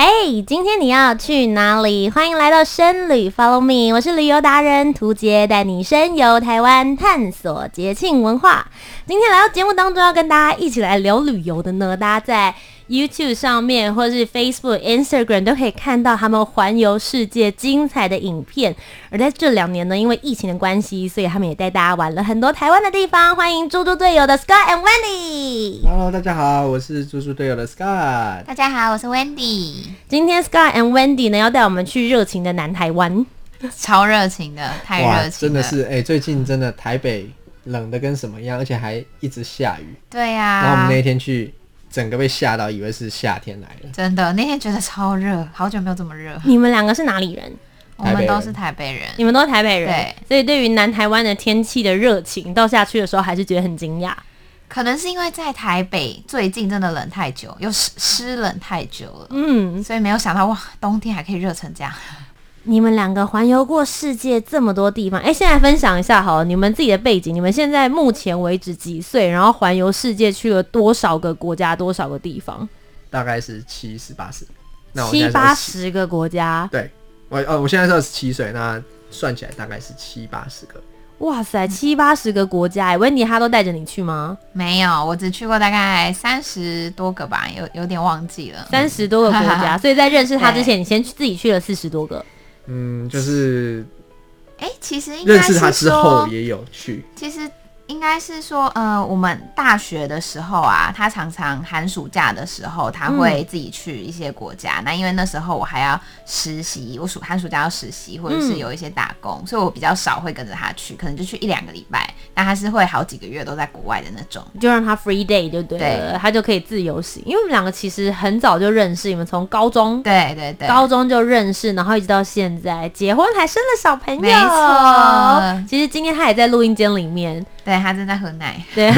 嘿，hey, 今天你要去哪裡？歡迎來到深旅 Follow Me，我是旅遊達人屠潔，帶你深遊台灣，探索節慶文化。今天來到節目當中，要跟大家一起來聊旅遊的呢，大家在。YouTube 上面，或是 Facebook、Instagram 都可以看到他們環遊世界精彩的影片。而在這兩年呢，因為疫情的關係，所以他們也帶大家玩了很多台灣的地方。歡迎豬豬隊友的 Scott and Wendy。Hello，大家好，我是豬豬隊友的 Scott。大家好，我是 Wendy。今天 Scott and Wendy 呢要帶我們去熱情的南台灣， 超熱情的，太熱情了。真的是誒、欸。最近真的台北冷得跟什麼樣，而且還一直下雨。對呀、啊。然後我們那一天去。整個被嚇到，以為是夏天來了。真的，那天覺得超熱，好久沒有這麼熱。你們兩個是哪裡人？我們都是台北人。台北人，你們都是台北人，對所以對於南台灣的天氣的熱情，到下去的時候還是覺得很驚訝。可能是因為在台北最近真的冷太久，又濕冷太久了， 嗯，所以沒有想到哇，冬天還可以熱成這樣。你們兩個環遊過世界這麼多地方，哎、欸，現在分享一下哈，你們自己的背景，你們現在目前為止幾歲？然後環遊世界去了多少個國家，多少個地方？大概是七十八十，七,七八十個國家。對，我哦，我現在是二十七歲，那算起來大概是七八十個。哇塞，七八十個國家、欸！哎、嗯，Wendy 他都帶着你去嗎？沒有，我只去過大概三十多個吧，有有點忘記了。三十多個國家， 所以在認識他之前，對你先去自己去了四十多個。嗯，就是，誒、欸，其實應該是說認識他之後也有趣。其實。應該是說，呃，我們大學的時候啊，他常常寒暑假的時候，他會自己去一些國家。嗯、那因為那時候我還要實習，我暑寒暑假要實習，或者是有一些打工，嗯、所以我比較少會跟着他去，可能就去一兩個禮拜。但他是會好幾個月都在國外的那種，就讓他 free day 就對了，對他就可以自由行。因為我們兩個其實很早就認識，你們從高中，對對對，高中就認識，然後一直到現在結婚還生了小朋友。沒錯，其實今天他也在錄音間裡面。對，他正在喝奶。對，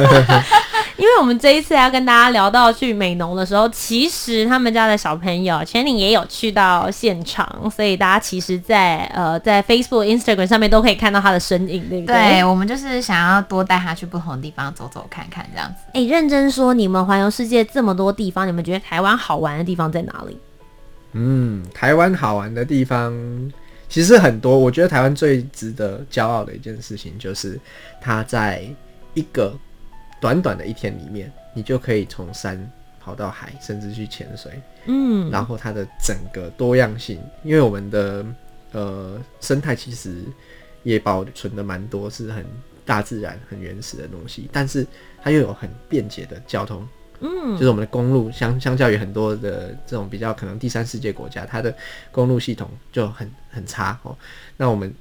因為我們這一次要跟大家聊到去美濃的時候，其實他們家的小朋友前年也有去到現場，所以大家其實在，在呃，在 Facebook、Instagram 上面都可以看到他的身影，對不對？對我們就是想要多帶他去不同的地方走走看看，這樣子。哎、欸，認真說，你們環遊世界這麼多地方，你們覺得台灣好玩的地方在哪裡？嗯，台灣好玩的地方。其實很多，我覺得台灣最值得驕傲的一件事情就是，它在一個短短的一天裡面，你就可以從山跑到海，甚至去潛水。嗯，然後它的整個多樣性，因為我們的呃生態其實也保存的蠻多，是很大自然、很原始的東西，但是它又有很便捷的交通。嗯，就是我們的公路相相較於很多的這種比較可能第三世界國家，它的公路系統就很很差哦、喔。那我們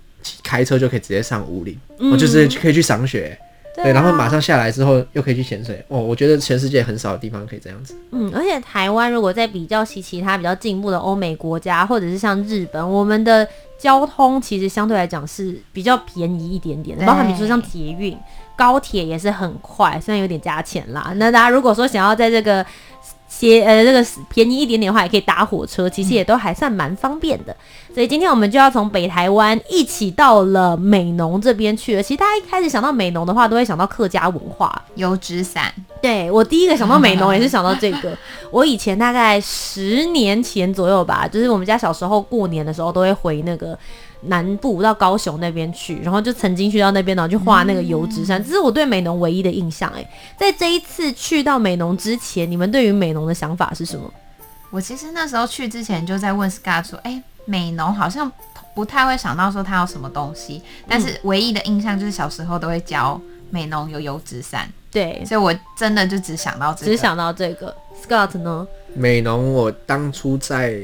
開車就可以直接上武陵，我、嗯喔、就是可以去賞雪，對，對啊、然後馬上下來之後又可以去潛水。哦、喔，我覺得全世界很少的地方可以這樣子。嗯，而且台灣如果在比較其其他比較進步的歐美國家，或者是像日本，我們的。交通其實相對來講是比較便宜一點點的，對包含比如說像捷運、高鐵也是很快，雖然有點加錢啦。那大家如果說想要在這個……些呃，這個便宜一點點的話，也可以搭火車，其實也都還算蠻方便的。嗯、所以今天我們就要從北台灣一起到了美濃這邊去了。其實大家一開始想到美濃的話，都會想到客家文化、油紙傘。對，我第一個想到美濃也是想到這個。 我以前大概十年前左右吧，就是我們家小時候過年的時候，都會回那個。南部到高雄那邊去，然後就曾經去到那邊，然後就畫那個油紙傘，嗯、這是我對美濃唯一的印象哎。在這一次去到美濃之前，你們對於美濃的想法是什麼？我其實那時候去之前就在問 Scott 說：“哎、欸，美濃好像不太會想到說它有什麼東西，但是唯一的印象就是小時候都會教美濃有油紙傘，對、嗯，所以我真的就只想到這個。”只想到這個，Scott 呢？美濃，我當初在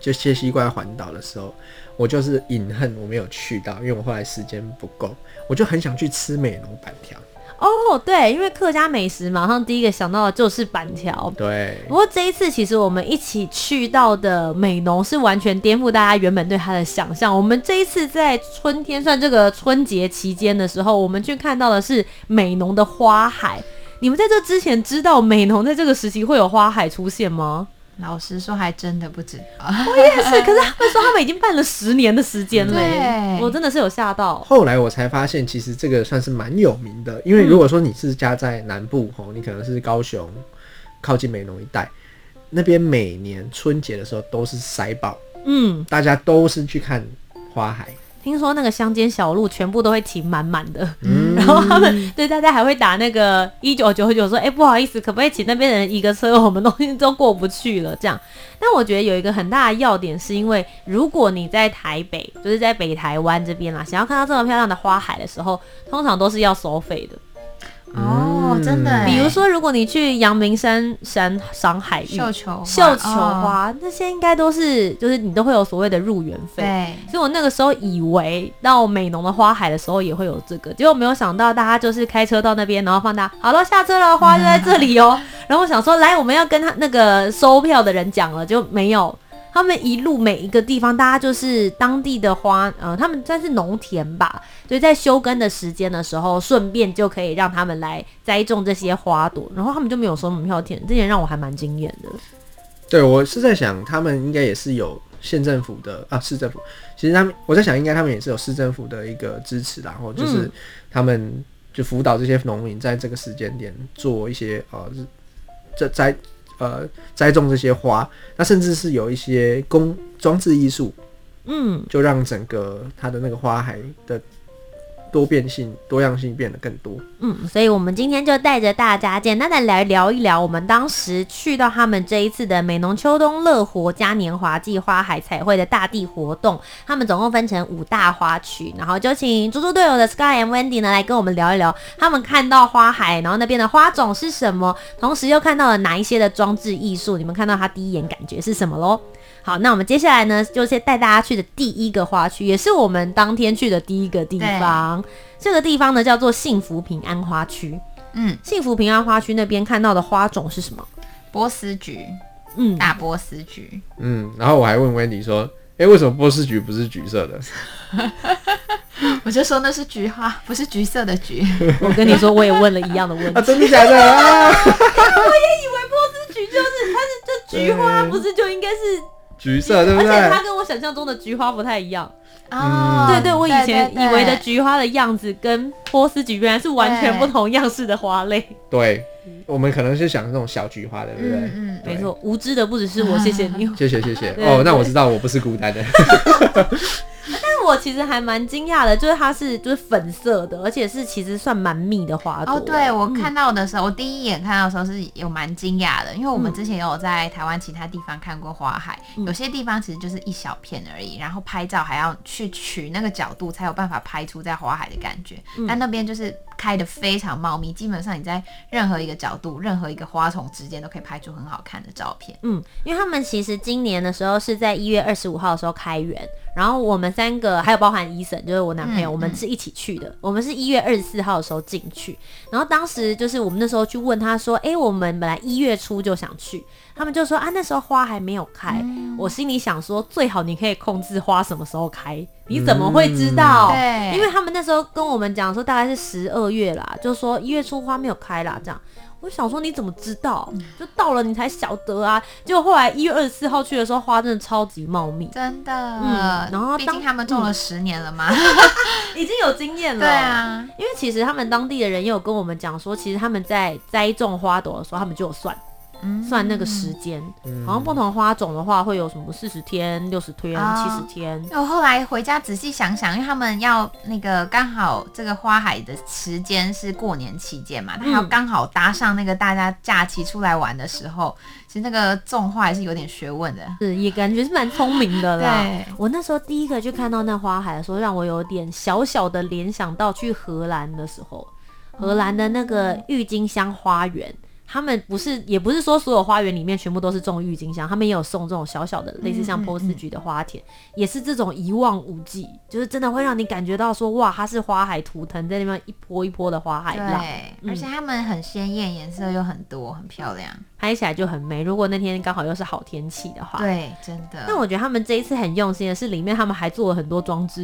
就謝西瓜環島的時候。我就是隱恨我沒有去到，因為我後來時間不夠，我就很想去吃美濃板條。哦，對，因為客家美食，馬上第一個想到的就是板條、嗯。對。不過這一次，其實我們一起去到的美濃是完全顛覆大家原本對它的想象。我們這一次在春天，算這個春節期間的時候，我們去看到的是美濃的花海。你們在這之前知道美濃在這個時期會有花海出現嗎？老實說，還真的不止。我也是，可是他們說他們已經辦了十年的時間了。對我真的是有嚇到。後來我才發現，其實這個算是蠻有名的。因為如果說你是家在南部哦，嗯、你可能是高雄，靠近美濃一帶，那邊每年春節的時候都是塞爆，嗯，大家都是去看花海。聽說那個鄉間小路全部都會停滿滿的，嗯、然後他們對大家還會打那個一九九九說：“哎，不好意思，可不可以請那邊的人移個車？我們東西都過不去了。”這樣。但我覺得有一個很大的要點，是因為如果你在台北，就是在北台灣這邊啦，想要看到這麼漂亮的花海的時候，通常都是要收費的。嗯、哦，真的耶。比如說，如果你去陽明山山賞海芋、繡球、繡球花，球花哦，那些應該都是，就是你都會有所謂的入園費。對所以我那個時候以為到美濃的花海的時候也會有這個，結果沒有想到大家就是開車到那邊，然後放大，好了，下車了，花就在這裡哦。嗯、然後我想說，來，我們要跟他那個收票的人講了，就沒有。他們一路每一個地方，大家就是當地的花，呃，他們算是農田吧，所以在休耕的時間的時候，順便就可以讓他們來栽種這些花朵，然後他們就沒有收門票錢，這點讓我還蠻驚豔的。對，我是在想，他們應該也是有縣政府的啊，市政府，其實他們，我在想，應該他們也是有市政府的一個支持，然後就是他們就輔導這些農民在這個時間點做一些呃這栽。呃，栽種這些花，那甚至是有一些工裝置藝術，嗯，就讓整個它的那個花海的多變性、多樣性變得更多。嗯，所以我們今天就帶着大家簡單的來聊一聊，我們當時去到他們這一次的美濃秋冬樂活嘉年華暨花海彩繪的大地活動。他們總共分成五大花區，然後就請豬豬隊友的 Scott 和 Wendy 呢來跟我們聊一聊，他們看到花海，然後那邊的花種是什麼，同時又看到了哪一些的裝置藝術？你們看到他第一眼感覺是什麼嘍？好，那我們接下來呢，就先帶大家去的第一個花區，也是我們當天去的第一個地方。對這個地方呢叫做，幸福平安花區。嗯，幸福平安花區那邊看到的花種是什麼？波斯菊。嗯，大波斯菊。嗯，然後我還問 Wendy 說，哎、欸，為什麼波斯菊不是橘色的？ 我就說那是菊花，不是橘色的菊。 我跟你說，我也問了一樣的問題。 啊、真的假的、啊？ 我也以為波斯菊就是，它是這菊花，不是就應該是。橘色，對不對？而且它跟我想象中的菊花不太一樣哦，對對，我以前以為的菊花的樣子，跟波斯菊原來是完全不同樣式的花類。對，嗯、我們可能想是想那種小菊花的，對不對？嗯，嗯對沒錯，無知的不只是我、嗯，謝謝你，謝謝謝謝哦，那我知道我不是孤單的。 我其實還蠻驚訝的，就是它是就是粉色的，而且是其實算蠻密的花朵，欸。哦對，對我看到的時候，嗯、我第一眼看到的時候是有蠻驚訝的，因為我們之前也有在台灣其他地方看過花海，嗯、有些地方其實就是一小片而已，然後拍照還要去取那個角度才有辦法拍出在花海的感覺，嗯、但那邊就是。開得非常茂密，基本上你在任何一個角度、任何一個花叢之間都可以拍出很好看的照片。嗯，因為他們其實今年的時候是在一月二十五號的時候開園，然後我們三個還有包含伊森，就是我男朋友，嗯、我們是一起去的。我們是一月二十四號的時候進去，然後當時就是我們那時候去問他說：“誒、欸，我們本來一月初就想去。”他們就說：“啊，那時候花還沒有開。嗯”我心裡想說：“最好你可以控制花什麼時候開。”你怎麼會知道？嗯、對，因為他們那時候跟我們講說大概是十二月啦，就是說一月初花沒有開啦，這樣。我想說你怎麼知道？就到了你才曉得啊！就後來一月二十四號去的時候，花真的超級茂密，真的。嗯，然後畢竟他們種了十年了嘛、嗯、 已經有經驗了。對啊，因為其實他們當地的人也有跟我們講說，其實他們在栽種花朵的時候，他們就有算。算那個時間，嗯、好像不同花種的話會有什麼四十天、六十天、七十好天。我後來回家仔細想想，因為他們要那個剛好這個花海的時間是過年期間嘛，他要剛好搭上那個大家假期出來玩的時候，嗯、其實那個種花還是有點學問的。是，也感覺是蠻聰明的啦。 對我那時候第一個去看到那花海的時候，讓我有點小小的聯想到去荷蘭的時候，荷蘭的那個鬱金香花園。他們不是，也不是說所有花園裡面全部都是種鬱金香，他們也有送這種小小的類似像波斯菊的花田，嗯嗯嗯也是這種一望無際，就是真的會讓你感覺到說哇，它是花海圖騰，在那邊一波一波的花海浪。對，嗯、而且他們很鮮豔，顏色又很多，很漂亮，拍起來就很美。如果那天剛好又是好天氣的話，對，真的。那我覺得他們這一次很用心的是，裡面他們還做了很多裝置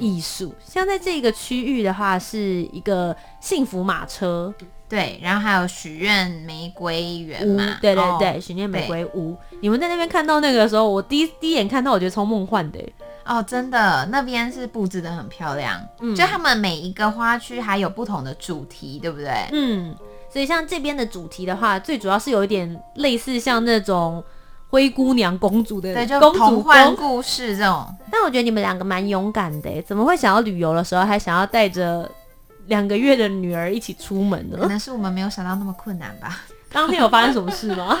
藝術，嗯、像在這個區域的話，是一個幸福馬車。對，然後還有許願玫瑰園嘛，對對對，許願、哦、玫瑰屋對。你們在那邊看到那個的時候，我第一第一眼看到，我覺得超夢幻的哦，真的，那邊是布置得很漂亮，嗯，就他們每一個花區還有不同的主題，對不對？嗯，所以像這邊的主題的話，最主要是有一點類似像那種灰姑娘公主的公主,公主幻故事這種。但我覺得你們兩個蠻勇敢的，怎麼會想要旅遊的時候還想要帶着？兩個月的女兒一起出門了，可能是我們沒有想到那麼困難吧。當天 有發生什麼事嗎？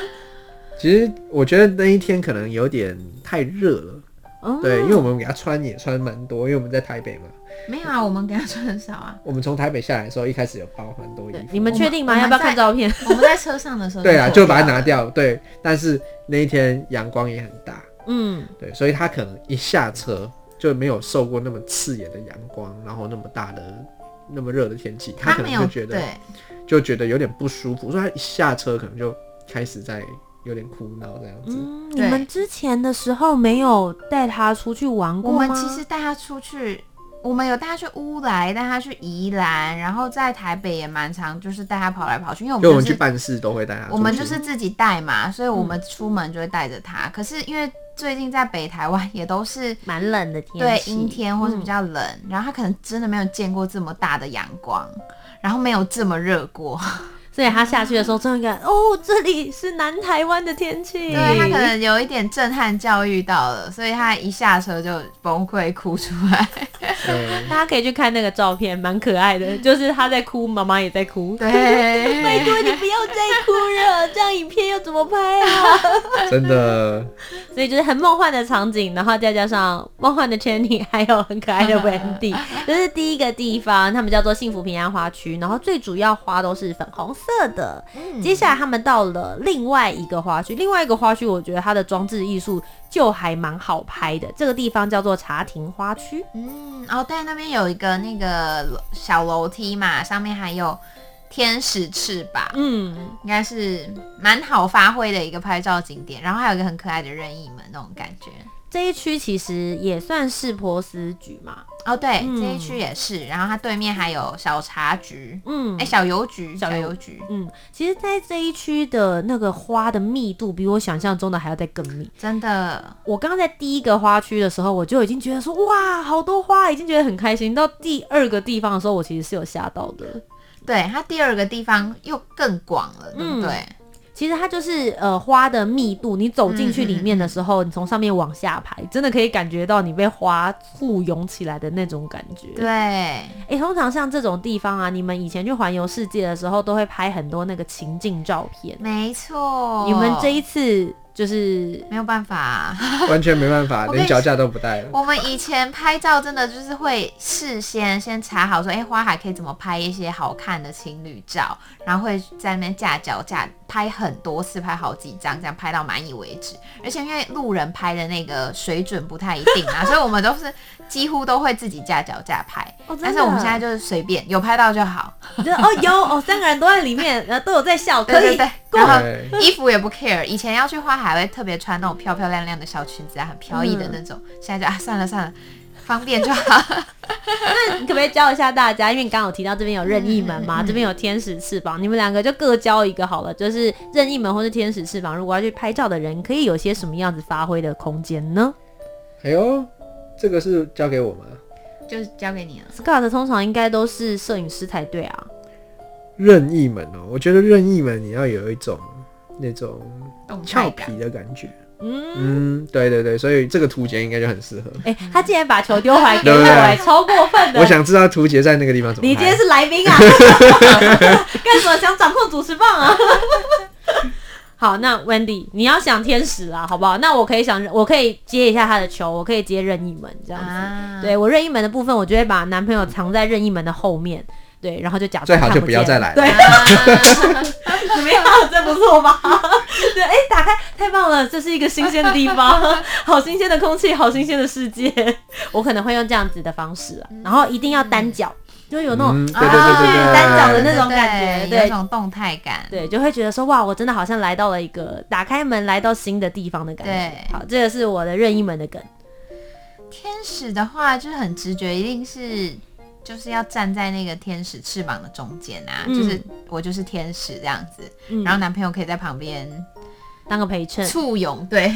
其實我覺得那一天可能有點太熱了。嗯、對，因為我們給她穿也穿蠻多，因為我們在台北嘛。沒有啊，我們給她穿很少啊。我們從台北下來的時候，一開始有包很多衣服。你們確定嗎？要不要看照片？ 我們在車上的時候的，對啊，就把它拿掉。對，但是那一天陽光也很大。嗯，對，所以她可能一下車就沒有受過那麼刺眼的陽光，然後那麼大的。那麼熱的天氣，他可能就覺得對，就覺得有點不舒服，所以他一下車可能就開始在有點哭鬧這樣子。嗯、對，你們之前的時候沒有帶他出去玩過嗎？我們其實帶他出去，我們有帶他去烏來，帶他去宜蘭，然後在台北也蠻常，就是帶他跑來跑去。因為我們、就是、就我們去辦事都會帶他出去，我們就是自己帶嘛，所以我們出門就會帶着他。嗯、可是因為最近在北台灣也都是蠻冷的天，對，陰天或是比較冷，嗯、然後他可能真的沒有見過這麼大的陽光，然後沒有這麼熱過。對，他下去的時候感，真的哦，這裡是南台灣的天氣。對，他可能有一點震撼教育到了，所以他一下車就崩潰哭出來。大家、嗯、可以去看那個照片，蠻可愛的，就是他在哭，媽媽也在哭。對，拜託，你不要再哭了， 這樣影片又怎麼拍啊？真的。所以就是很夢幻的場景，然後再加，加上夢幻的天 h 還有很可愛的 Wendy，這、嗯、是第一個地方，他們叫做幸福平安花區。然後最主要花都是粉紅色。色的，接下來他們到了另外一個花區，另外一個花區我覺得它的裝置藝術就還蠻好拍的，這個地方叫做茶亭花區，嗯，哦，對，那邊有一個那個小樓梯嘛，上面還有天使翅膀，嗯，應該是蠻好發揮的一個拍照景點，然後還有一個很可愛的任意門那種感覺。這一區其實也算是波斯菊嘛，哦對，嗯、這一區也是。然後它對面還有小茶菊，嗯，哎、欸，小油菊，小油菊，嗯。其實，在這一區的那個花的密度比我想象中的還要再更密，真的。我剛剛在第一個花區的時候，我就已經覺得說，哇，好多花，已經覺得很開心。到第二個地方的時候，我其實是有嚇到的。對，它第二個地方又更廣了，對不對？嗯其實它就是呃花的密度，你走進去裡面的時候，嗯、哼你從上面往下拍，真的可以感覺到你被花簇擁起來的那種感覺。對，哎、欸，通常像這種地方啊，你們以前去環遊世界的時候，都會拍很多那個情境照片。沒錯錯，你們這一次。就是沒有辦法、啊，完全沒辦法， 連腳架都不帶了。我們以前拍照真的就是會事先先查好說，說、欸、誒，花海可以怎麼拍一些好看的情侶照，然後會在那邊架腳架拍很多次，拍好幾張，這樣拍到滿意為止。而且因為路人拍的那個水準不太一定啊， 所以我們都是。幾乎都會自己架腳架拍，oh, 但是我們現在就是隨便有拍到就好。 你就哦，有哦，三個人都在裡面，呃，都有在笑。對對 對，對對對然後 衣服也不 care。以前要去花海會特別穿那種漂漂亮亮的小裙子啊，很飄逸的那種。嗯，現在就啊，算了算了，方便就好。 那你可不可以教一下大家？因為你剛剛有提到這邊有任意門嘛，這邊有天使翅膀， 你們兩個就各教一個好了。就是任意門或是天使翅膀，如果要去拍照的人，可以有些什麼樣子發揮的空間呢？哎呦。這個是交給我們就是交給你了。Scott 通常應該都是攝影師才對啊。任意門哦，我覺得任意門你要有一種那種俏皮的感覺。嗯,嗯對對對，所以這個屠潔應該就很適合。哎、嗯欸，他竟然把球丟回來給我，超過分的 對對、啊、我想知道屠潔在那個地方怎麼。你今天是來賓啊？幹 什麼？想掌控主持棒啊？ 好，那 Wendy，你要想天使啦，好不好？那我可以想，我可以接一下他的球，我可以接任意門這樣子。啊、對，我任意門的部分，我就會把男朋友藏在任意門的後面。對，然後就假裝看不見了，最好就不要再來了。對，啊、 怎麼樣？這不錯吧？ 對，哎、欸，打開，太棒了！這是一個新鮮的地方，好新鮮的空氣，好新鮮的世界。我可能會用這樣子的方式，然後一定要單腳。嗯就有那種啊，單腳的那種感覺，嗯、對，對，對，對，那種動態感，對，就會覺得說哇，我真的好像來到了一個打開門來到新的地方的感覺。對，好，這個是我的任意門的梗。天使的話就是很直覺，一定是就是要站在那個天使翅膀的中間啊，嗯、就是我就是天使這樣子，然後男朋友可以在旁邊。當個陪襯，簇擁，對，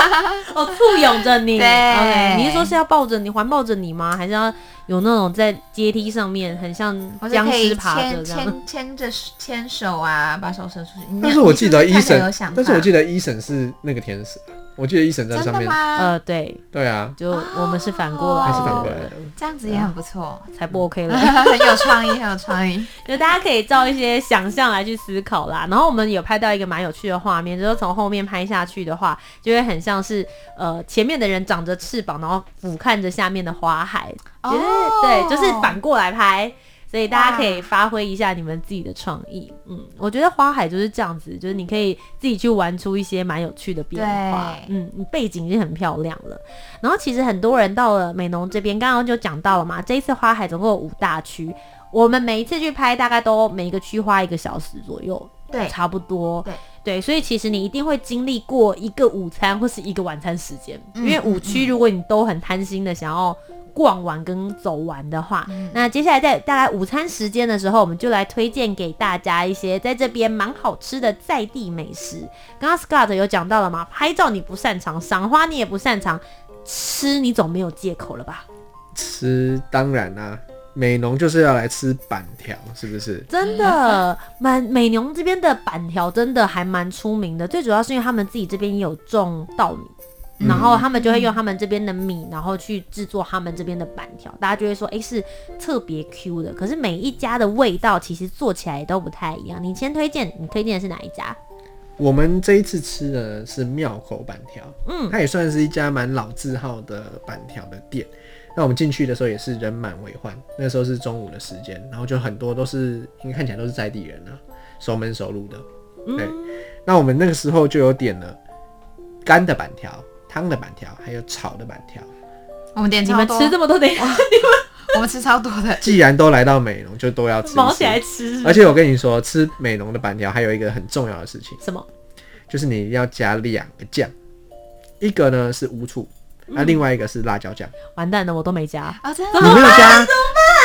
哦，簇擁着你，對，Okay，你是說是要抱着你，環抱着你嗎？還是要有那種在階梯上面，很像僵屍爬着這樣？我可以牽牽牽着牽手啊，把手伸出去。但是我記得一審，但是我記得一審是那個天使。我記得一、e、審在上面，呃，對，對啊，就我們是反過來，還是反過來，吧這樣子也很不錯，才不 OK 了，嗯， 很有創意，很有創意，就大家可以照一些想象來去思考啦。然後我們有拍到一個蠻有趣的畫面，就是從後面拍下去的話，就會很像是呃前面的人長着翅膀，然後俯瞰着下面的花海，其實、哦就是、對，就是反過來拍。所以大家可以發揮一下你們自己的創意，哇嗯，我覺得花海就是這樣子，就是你可以自己去玩出一些蠻有趣的變化，對嗯，背景已經很漂亮了。然後其實很多人到了美濃這邊，剛剛就講到了嘛，這一次花海總共有五大區，我們每一次去拍大概都每一個區花一個小時左右，對，差不多，對，對，所以其實你一定會經歷過一個午餐或是一個晚餐時間，因為五區如果你都很貪心的想要。逛完跟走完的話，嗯、那接下來在大概午餐時間的時候，我們就來推薦給大家一些在這邊蠻好吃的在地美食。剛剛 Scott 有講到了嗎？拍照你不擅長，賞花你也不擅長，吃你總沒有借口了吧？吃當然啦、啊，美濃就是要來吃板條，是不是？真的，蠻美濃這邊的板條真的還蠻出名的，最主要是因為他們自己這邊也有種稻米。然後他們就會用他們這邊的米，嗯嗯、然後去製作他們這邊的板條。大家就會說，哎，是特別 Q 的。可是每一家的味道其實做起來都不太一樣。你先推薦，你推薦的是哪一家？我們這一次吃的是廟口板條。嗯，它也算是一家蠻老字號的板條的店。那我們進去的時候也是人滿為患，那時候是中午的時間，然後就很多都是，因為看起來都是在地人啊，熟門熟路的。嗯、對。那我們那個時候就有點了乾的板條。湯的板條，還有炒的板條。我們點你們吃這麼多點，你我們吃超多的。既然都來到美濃，就都要吃。毛起來吃。而且我跟你說，吃美濃的板條還有一個很重要的事情。什麼？就是你要加兩個醬，一個呢是烏醋，那另外一個是辣椒醬。完蛋了，我都沒加啊！真的？怎麼辦？怎麼辦？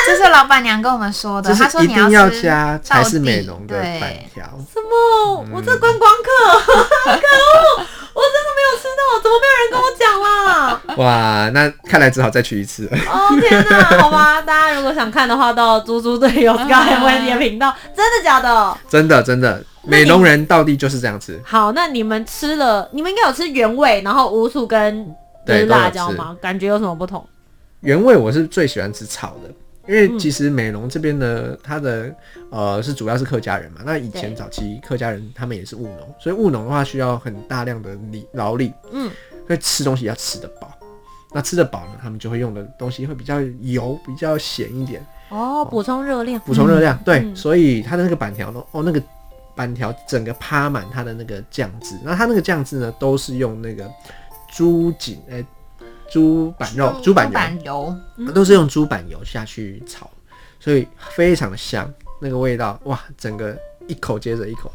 這是老板娘跟我們說的，她說一定要加才是美濃的板條。什麼？我這觀光客，不講啦，啊、哇！那看來只好再去一次哦。天哪， 好吧，大家如果想看的話，到豬豬隊友 Scott & Wendy 的頻道，哎、真的假的？真的真的，真的你美濃人到底就是這樣吃。好，那你們吃了，你們應該有吃原味，然後無薯根就是辣椒嗎？感覺有什麼不同？原味我是最喜歡吃炒的，因為其實美濃這邊的它的呃是主要是客家人嘛。那以前早期客家人他們也是務農，所以務農的話需要很大量的力勞力。嗯。因為吃東西要吃得飽，那吃得飽呢，他們就會用的東西會比較油、比較鹹一點，oh, 哦，補充熱量，補充熱量，嗯、對，嗯、所以它的那個板條呢，哦，那個板條整個趴滿它的那個醬汁，那它那個醬汁呢，都是用那個豬頸，哎、欸，豬板肉，豬板油，板油，嗯、都是用豬板油下去炒，所以非常的香，那個味道哇，整個一口接着一口。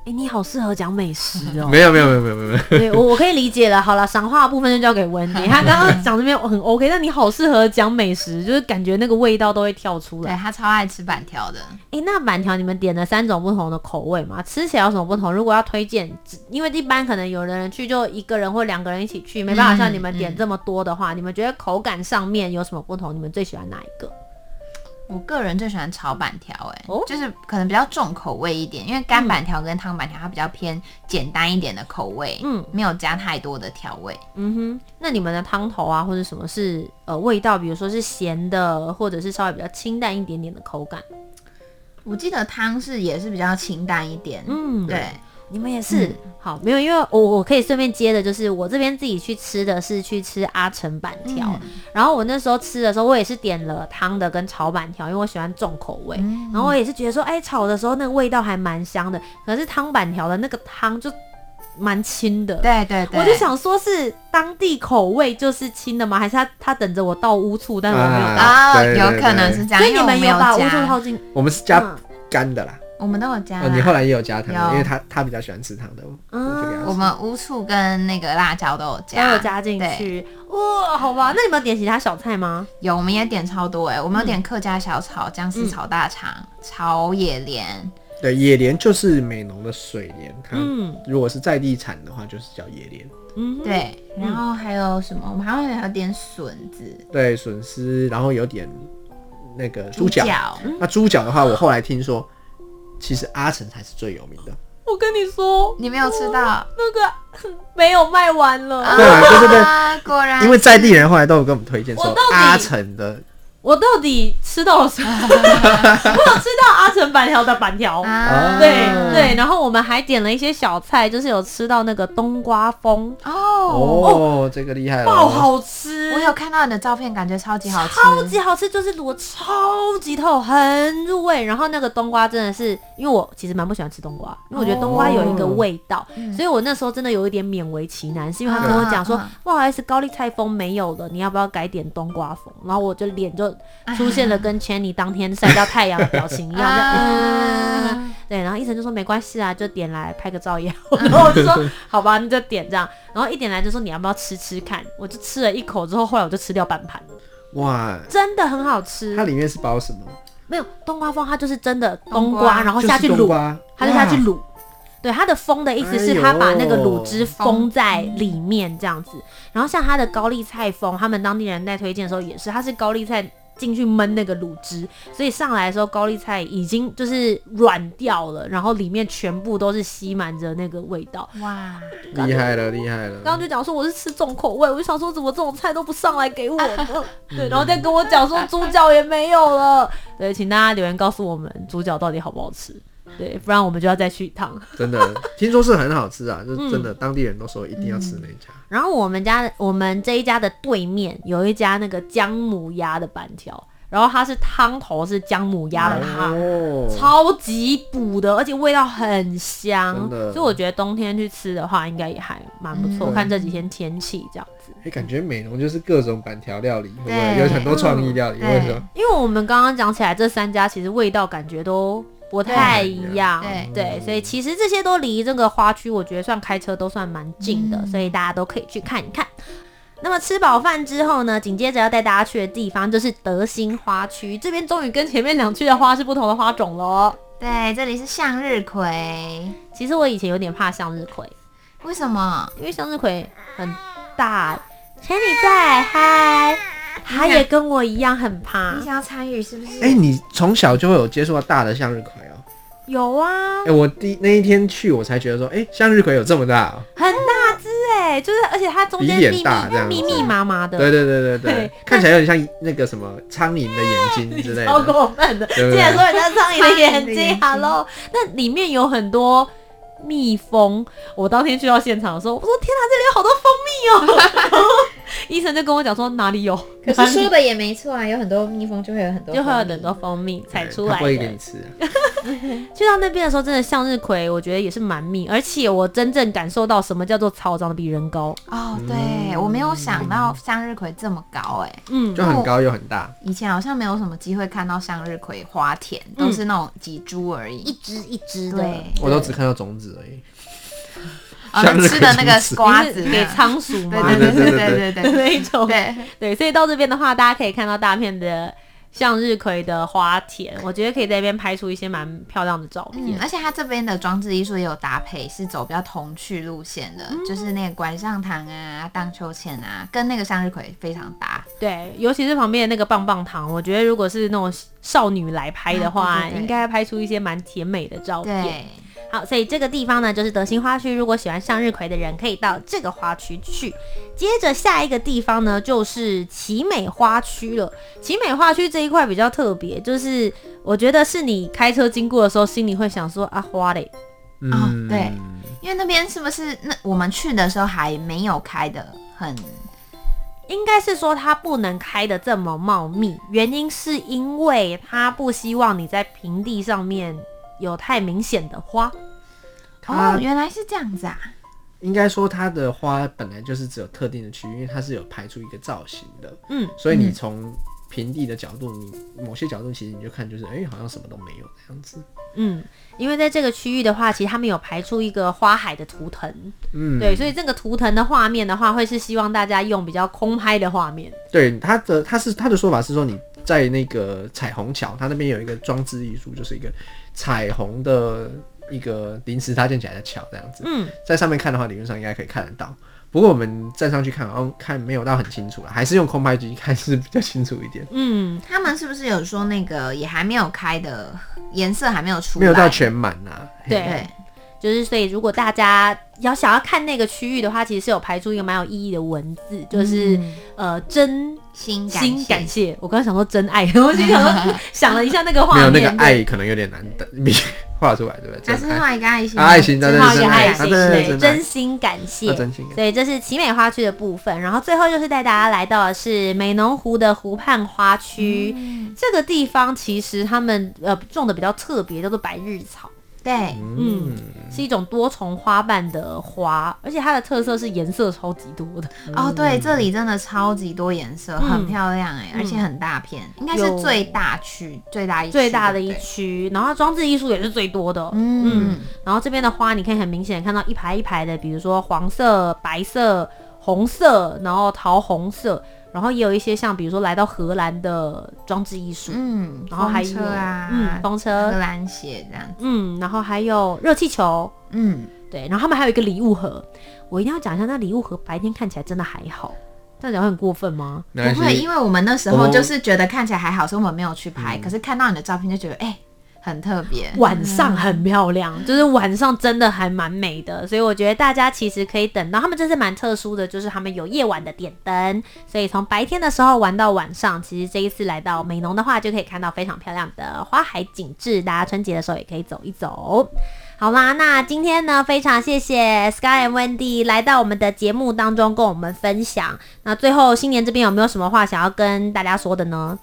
哎、欸，你好適合講美食哦、喔！沒有沒有沒有沒有沒有，對，對我我可以理解了。好了，賞畫的部分就交給溫迪。他剛剛講這邊我很 OK。但你好適合講美食，就是感覺那個味道都會跳出來。哎，他超愛吃板條的。哎、欸，那板條你們點了三種不同的口味嗎？吃起來有什麼不同？如果要推薦，因為一般可能有的人去就一個人或兩個人一起去，沒辦法像你們點這麼多的話，嗯嗯，你們覺得口感上面有什麼不同？你們最喜歡哪一個？我個人最喜歡炒板條、欸，哎、哦，就是可能比較重口味一點，因為乾板條跟湯板條它比較偏簡單一點的口味，嗯，沒有加太多的調味，嗯哼。那你們的湯頭啊，或者什麼是呃味道，比如說是鹹的，或者是稍微比較清淡一點點的口感？我記得湯是也是比較清淡一點，嗯，對。你們也是、嗯、好沒有，因為我我可以順便接的，就是我這邊自己去吃的是去吃阿城板條，嗯、然後我那時候吃的時候，我也是點了湯的跟炒板條，因為我喜歡重口味，嗯、然後我也是覺得說，哎，炒的時候那個味道還蠻香的，可是湯板條的那個湯就蠻清的，對對對，我就想說是當地口味就是清的嗎？還是他他等着我倒烏醋，但我沒有倒啊。有可能是這樣，所以你們有把烏醋倒進，我們是加乾的啦。嗯我們都有加，你後來也有加糖，因為他他比較喜歡吃糖的。我們烏醋跟那個辣椒都有加，都有加進去。哇，好吧，那你們有點其他小菜嗎？有，我們也點超多哎，我們有點客家小炒、薑絲炒大腸、炒野蓮。對，野蓮就是美濃的水蓮，它如果是在地產的話，就是叫野蓮。嗯，對，然後還有什麼？我們還會有點筍子。對，筍絲，然後有點那個豬腳。那豬腳的話，我後來聽說。其實阿成才是最有名的。我跟你說，你沒有吃到那個，沒有賣完了。對啊，對對對，果然。因為在地人後來都有跟我們推薦說阿成的。我到底吃到什麼？ 我有吃到阿成板條的板條，對對，然後我們還點了一些小菜，就是有吃到那個冬瓜封。哦哦，這個厲害，爆好吃！我有看到你的照片，感覺超級好吃，超級好吃，就是滷的超級透，很入味。然後那個冬瓜真的是，因為我其實蠻不喜歡吃冬瓜，因為我覺得冬瓜有一個味道，所以我那時候真的有一點勉為其難，是因為他跟我講說，不好意思，高麗菜封沒有了，你要不要改點冬瓜封？然後我就臉就出現了跟 Channy 當天曬到太陽的表情一樣。嗯嗯、對，然後醫生就說沒關係啊，就點來拍個照也好。嗯、然後我就說 好吧，你就點這樣。然後一點來就說你要不要吃吃看，我就吃了一口之後，後來我就吃掉半盤了。哇，真的很好吃！它裡面是包什麼？沒有冬瓜封，它就是真的冬瓜，冬瓜然後下去滷啊，就它就下去滷。哇對，它的封的意思是它把那個滷汁封在裡面這樣子。然後像它的高麗菜封，他們當地人在推薦的時候也是，它是高麗菜。進去燜那個滷汁，所以上來的時候，高麗菜已經就是軟掉了，然後裡面全部都是吸滿着那個味道。哇，厲害了，厲害了！剛剛就講說我是吃重口味，我就想說怎麼這種菜都不上來給我呢？啊、對，然後再跟我講說豬腳也、啊、也沒有了。對，請大家留言告訴我們豬腳到底好不好吃。對，不然我們就要再去一趟。真的，聽說是很好吃啊， 就是真的，嗯、當地人都說一定要吃那一家，嗯嗯。然後我們家，我們這一家的對面有一家那個薑母鴨的板條，然後它是湯頭是薑母鴨的湯，哦、超級補的，而且味道很香。真的，所以我覺得冬天去吃的話，應該也還蠻不錯。我、嗯、看這幾天天氣這樣子，哎、欸，感覺美濃就是各種板條料理，對、欸，有很多創意料理。為什麼？因為我們剛剛講起來，這三家其實味道感覺都。不太一樣，嗯、對，對，所以其實這些都離這個花區，我覺得算開車都算蠻近的，嗯、所以大家都可以去看一看。那麼吃飽飯之後呢，緊接着要帶大家去的地方就是德興花區，這邊終於跟前面兩區的花是不同的花種嘍。對，這裡是向日葵。其實我以前有點怕向日葵，為什麼？因為向日葵很大。請你在嗨。啊他也跟我一樣很怕，你想要參與是不是？哎、欸，你從小就會有接觸到大的向日葵哦、喔。有啊。哎、欸，我第那一天去，我才覺得說，哎、欸，向日葵有這麼大、喔，很大隻哎、欸，哦、就是而且它中間裡面密密麻麻的，對，對對對對對，對那看起來有點像那個什麼蒼蠅的眼睛之類的，超過分的，竟然說它蒼蠅的眼睛，睛 Hello，那裡面有很多蜜蜂，我當天去到現場的時候，我說天哪，這裡有好多蜂蜜哦、喔。 醫生就跟我講說哪裡有，可是說的也沒錯啊，有很多蜜蜂就會有很多就會有很多蜂蜜採出來，嗯、不會給你吃、啊。去 到那邊的時候，真的向日葵，我覺得也是蠻密，而且我真正感受到什麼叫做草長得比人高哦。對、嗯、我沒有想到向日葵這麼高哎、欸，嗯，就很高又很大。以前好像沒有什麼機會看到向日葵花田，都是那種幾株而已，嗯、一只一只對，對我都只看到種子而已。哦、吃的那個瓜子 給倉鼠嗎？ 對對對對對對，對，對 那，那一種對對。所以到這邊的話，大家可以看到大片的向日葵的花田，我覺得可以在這邊拍出一些蠻漂亮的照片。嗯、而且它這邊的裝置藝術也有搭配，是走比較童趣路線的，嗯、就是那個拐杖糖啊、盪秋千啊，跟那個向日葵非常搭。對，尤其是旁邊那個棒棒糖，我覺得如果是那種少女來拍的話，啊、對對對，應該拍出一些蠻甜美的照片。對。好，所以這個地方呢，就是德興花區。如果喜歡向日葵的人，可以到這個花區去。接着下一個地方呢，就是奇美花區了。奇美花區這一塊比較特別，就是我覺得是你開車經過的時候，心裡會想說啊，花嘞？啊、嗯哦，對，因為那邊是不是那我們去的時候還沒有開的很，應該是說它不能開得這麼茂密，原因是因為它不希望你在平地上面。有太明顯的花，哦，原來是這樣子啊！應該說它的花本來就是只有特定的區域，因為它是有排出一個造型的，嗯，所以你從平地的角度，你某些角度其實你就看就是，哎、欸，好像什麼都沒有那樣子，嗯，因為在這個區域的話，其實他們有排出一個花海的圖騰，嗯，對，所以這個圖騰的畫面的話，會是希望大家用比較空拍的畫面，對，他的他是他的說法是說你在那個彩虹橋，它那邊有一個裝置藝術，就是一個。彩虹的一個臨時搭建起來的橋，這樣子。嗯，在上面看的話，理論上應該可以看得到。不過我們站上去看，哦，看沒有到很清楚了，還是用空拍機看是比較清楚一點。嗯，他們是不是有說那個也還沒有開的，顏色還沒有出來，沒有到全滿啊？對。對就是，所以如果大家要想要看那個區域的話，其實是有排出一個蠻有意義的文字，嗯、就是呃真心感謝。感謝我剛剛想說真愛，我就想說想了一下那個畫面， 沒有那個愛可能有點難得畫對出來，對不對？還是畫一個愛心。啊，愛心對對對真的是，他、啊、真心感謝。真心感謝。所以、啊、這是奇美花區的部分，然後最後就是帶大家來到的是美濃湖的湖畔花區。嗯、這個地方其實他們呃種的比較特別，叫做百日草。對，嗯，是一種多重花瓣的花，而且它的特色是顏色超級多的，嗯、哦。對，這裡真的超級多顏色，嗯，很漂亮哎、欸，嗯，而且很大片，應該是最大區、有最大一最大的一區。然後裝置藝術也是最多的，嗯，嗯。然後這邊的花，你可以很明顯看到一排一排的，比如說黃色、白色、紅色，然後桃紅色。然後也有一些像，比如說，來到荷蘭的裝置藝術，嗯，然後還有、啊、嗯，風車，荷蘭鞋這樣子，嗯，然後還有熱氣球，嗯，對，然後他們還有一個禮物盒，我一定要講一下，那禮物盒白天看起來真的還好，這樣講會很過分嗎？是不會，因為我們那時候就是覺得看起來還好，所以我們沒有去拍。嗯、可是看到你的照片就覺得，哎、欸。很特別，晚上很漂亮， 就是晚上真的還蠻美的，所以我覺得大家其實可以等到他們，這是蠻特殊的，就是他們有夜晚的點燈，所以從白天的時候玩到晚上。其實這一次來到美濃的話，就可以看到非常漂亮的花海景致，大家春節的時候也可以走一走。好啦，那今天呢，非常謝謝 Scott and Wendy 來到我們的節目當中跟我們分享。那最後新年這邊有沒有什麼話想要跟大家說的呢？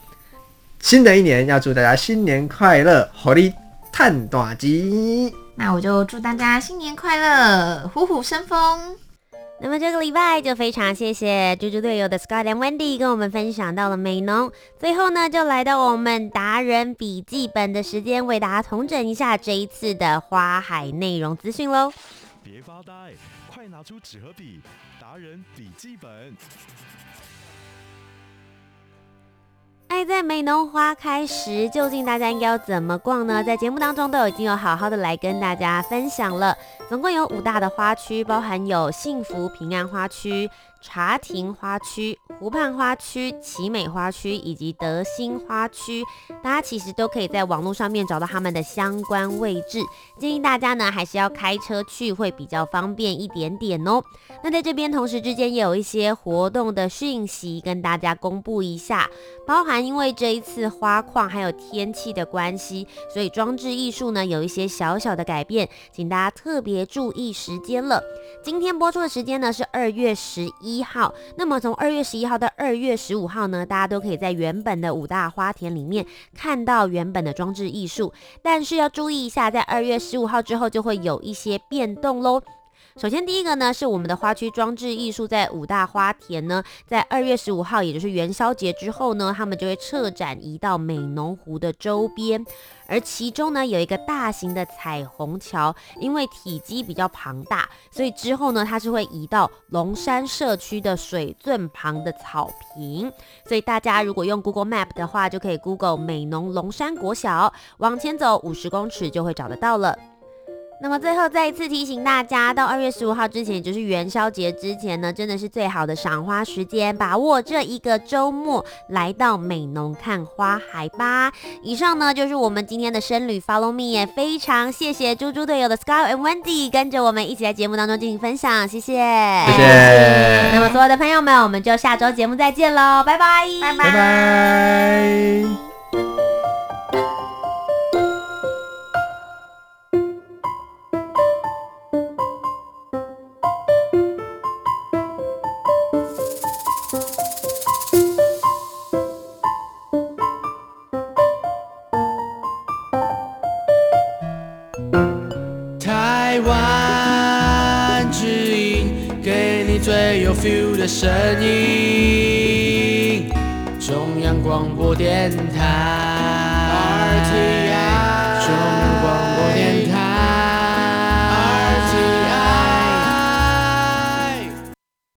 新的一年要祝大家新年快樂，虎年大吉。那我就祝大家新年快樂，虎虎生風。那麼這個禮拜就非常謝謝豬豬隊友的 Scott and Wendy 跟我們分享到了美濃。最後呢，就來到我們達人筆記本的時間，為大家統整一下這一次的花海內容資訊嘍。別發呆，快拿出紙和筆，達人筆記本。哎，愛在美濃花開時，究竟大家應該要怎麼逛呢？在節目當中都已經有好好的來跟大家分享了，總共有五大的花區，包含有幸福平安花區。茶亭花區、湖畔花區、奇美花區以及德興花區，大家其實都可以在網絡上面找到他們的相關位置。建議大家呢還是要開車去，會比較方便一點點哦、喔。那在這邊同時之間也有一些活動的訊息跟大家公布一下，包含因為這一次花況還有天氣的關係，所以裝置藝術呢有一些小小的改變，請大家特別注意時間了。今天播出的時間呢是二月十一。一號，那麼從二月十一號到二月十五號呢，大家都可以在原本的五大花田裡面看到原本的裝置藝術，但是要注意一下，在二月十五號之後就會有一些變動嘍。首先，第一個呢是我們的花區裝置藝術，在五大花田呢，在二月十五號，也就是元宵節之後呢，他們就會撤展移到美濃湖的周邊，而其中呢有一個大型的彩虹橋，因為體積比較龐大，所以之後呢它是會移到龍山社區的水圳旁的草坪，所以大家如果用 Google Map 的話，就可以 Google 美濃龍山國小，往前走五十公尺就會找得到了。那麼最後再一次提醒大家，到二月十五號之前，也就是元宵節之前呢，真的是最好的賞花時間，把握這一個周末來到美濃看花海吧。以上呢就是我們今天的深旅，Follow me！也非常謝謝豬豬隊友的 Scott and Wendy 跟着我們一起在節目當中進行分享，謝謝，謝謝。那麼所有的朋友們，我們就下周節目再見嘍，拜拜，拜拜 bye。Bye bye